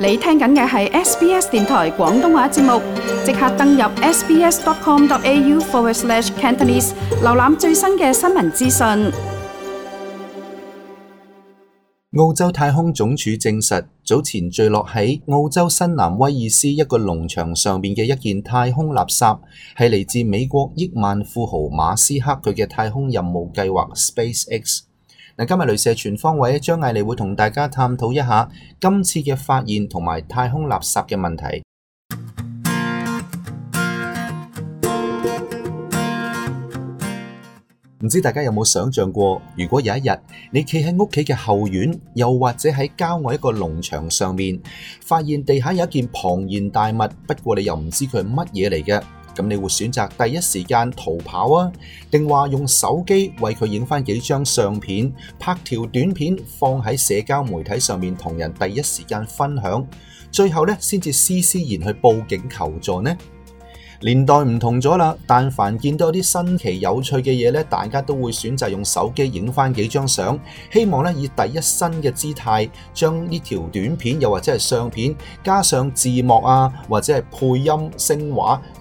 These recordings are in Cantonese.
你聽緊嘅係 SBS 電台廣東話節目，即刻登入 sbs.com.au/cantonese，瀏覽最新嘅新聞資訊。澳洲太空總署證實，早前墜落喺澳洲新南威爾斯一個農場上面嘅一件太空垃圾，係嚟自美國億萬富豪馬斯克佢嘅太空任務計劃 SpaceX。嗱，今日鐳射全方位張艾利會同大家探討一下今次嘅發現同埋太空垃圾嘅問題。唔知大家有冇想象過，如果有一日你企喺屋企嘅後院，又或者喺郊外一個農場上面，發現地下有一件龐然大物，不過你又唔知佢係乜嘢嚟嘅。咁你會選擇第一時間逃跑啊，定話用手機為佢影返幾張相片，拍條短片放喺社交媒體上面，同人第一時間分享，最後咧先至施施然去報警求助呢？年代唔同咗啦，但凡見到啲新奇有趣嘅嘢咧，大家都會選擇用手機影返幾張相，希望咧以第一身嘅姿態，將呢條短片又或者係相片加上字幕啊，或者係配音聲畫。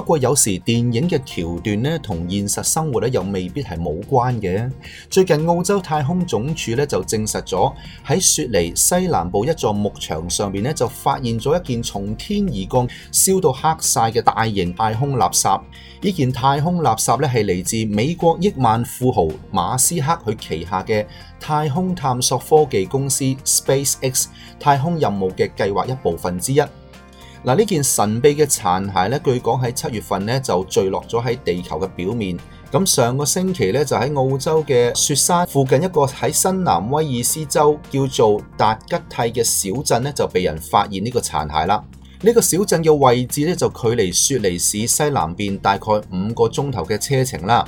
不過有時電影嘅橋段咧，同現實生活咧又未必係冇關嘅。最近澳洲太空總署咧就證實咗喺雪梨西南部一座牧場上面咧就發現咗一件從天而降、燒到黑晒嘅大型太空垃圾。呢件太空垃圾咧係嚟自美國億萬富豪馬斯克佢旗下嘅太空探索科技公司 Space X 太空任務嘅計劃一部分之一。嗱，呢件神秘嘅殘骸咧，據講喺七月份咧就墜落咗喺地球嘅表面。咁上個星期咧就喺澳洲嘅雪山附近一個喺新南威爾斯州叫做達吉蒂嘅小鎮咧就被人發現呢個殘骸啦。呢個小鎮嘅位置咧就距離雪梨市西南邊大概五個鐘頭嘅車程啦。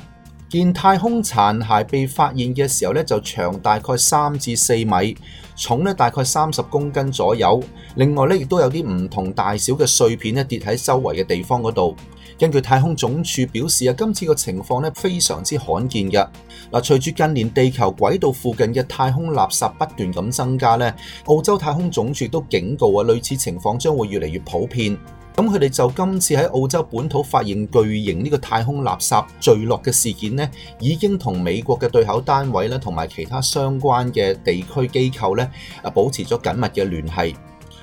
件太空殘骸被發現嘅時候咧，就長大概三至四米，重咧大概三十公斤左右。另外咧亦都有啲唔同大小嘅碎片咧跌喺周圍嘅地方嗰度。根據太空總署表示啊，今次個情況咧非常之罕見嘅。嗱，隨住近年地球軌道附近嘅太空垃圾不斷咁增加咧，澳洲太空總署都警告啊，類似情況將會越嚟越普遍。咁佢哋就今次喺澳洲本土發現巨型呢個太空垃圾墜落嘅事件呢，已經同美國嘅對口單位咧，同埋其他相關嘅地區機構呢啊保持咗緊密嘅聯繫。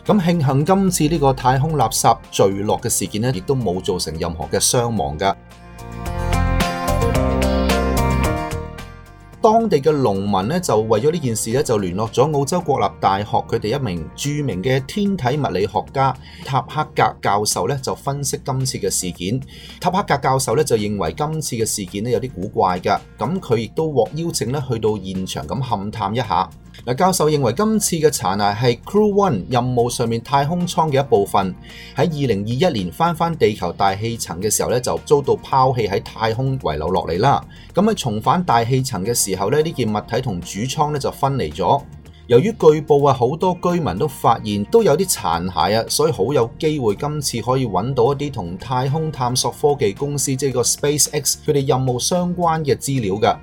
咁慶幸今次呢個太空垃圾墜落嘅事件呢，亦都冇造成任何嘅傷亡㗎。當地嘅農民咧就為咗呢件事咧就聯絡咗澳洲國立大學，佢哋一名著名嘅天體物理學家塔克格教授咧就分析今次嘅事件。塔克格教授咧就認為今次嘅事件咧有啲古怪㗎，咁佢亦都獲邀請咧去到現場咁勘探一下。嗱，教授認為今次嘅殘骸係 Crew One 任務上面太空艙嘅一部分，喺二零二一年翻翻地球大氣層嘅時候咧，就遭到拋棄喺太空遺留落嚟啦。咁喺重返大氣層嘅時候咧，呢件物體同主艙咧就分離咗。由於據報啊，好多居民都發現都有啲殘骸啊，所以好有機會今次可以揾到一啲同太空探索科技公司即係個 SpaceX 佢哋任務相關嘅資料㗎。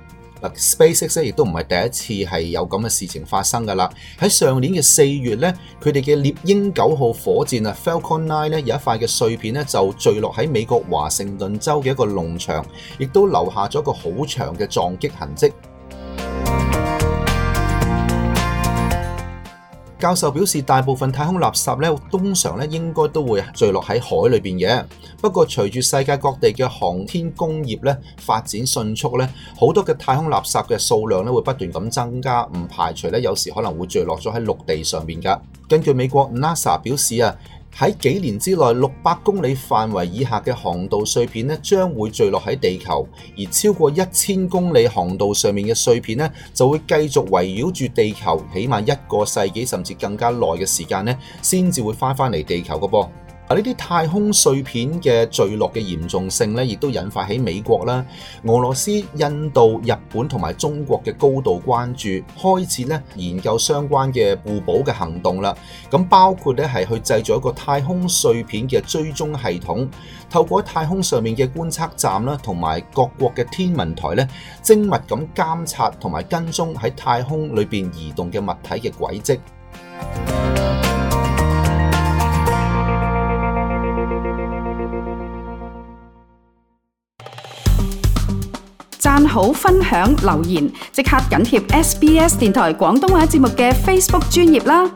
SpaceX 亦都唔係第一次係有咁嘅事情發生㗎啦。喺上年嘅四月咧，佢哋嘅獵鷹九號火箭啊，Falcon Nine 咧有一塊嘅碎片咧就墜落喺美國華盛頓州嘅一個農場，亦都留下咗一個好長嘅撞擊痕跡。教授表示，大部分太空垃圾咧，通常咧應該都會墜落喺海裏邊嘅。不過，隨住世界各地嘅航天工業咧發展迅速咧，好多嘅太空垃圾嘅數量咧會不斷咁增加，唔排除咧有時可能會墜落咗喺陸地上面㗎。根據美國 NASA 表示啊。喺幾年之內，六百公里範圍以下嘅航道碎片咧，將會墜落喺地球；而超過一千公里航道上面嘅碎片咧，就會繼續圍繞住地球，起碼一個世紀甚至更加耐嘅時間咧，先至會翻返嚟地球個噃。呢啲太空碎片嘅墜落嘅嚴重性咧，亦都引發喺美國啦、俄羅斯、印度、日本同埋中國嘅高度關注，開始咧研究相關嘅互補嘅行動啦。咁包括咧係去製造一個太空碎片嘅追蹤系統，透過太空上面嘅觀測站啦，同埋各國嘅天文台咧，精密咁監察同埋跟蹤喺太空裏邊移動嘅物體嘅軌跡。讚好分享留言，即刻緊貼 SBS 電台廣東話節目嘅 Facebook 專頁啦！